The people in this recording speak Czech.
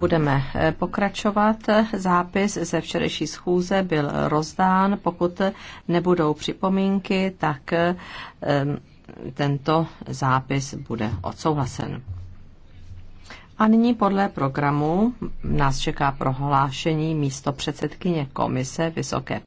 Budeme eh, pokračovat. Zápis ze včerejší schůze byl rozdán. Pokud nebudou připomínky, tak ehm, tento zápis bude odsouhlasen. A nyní podle programu nás čeká prohlášení místo předsedkyně komise Vysoké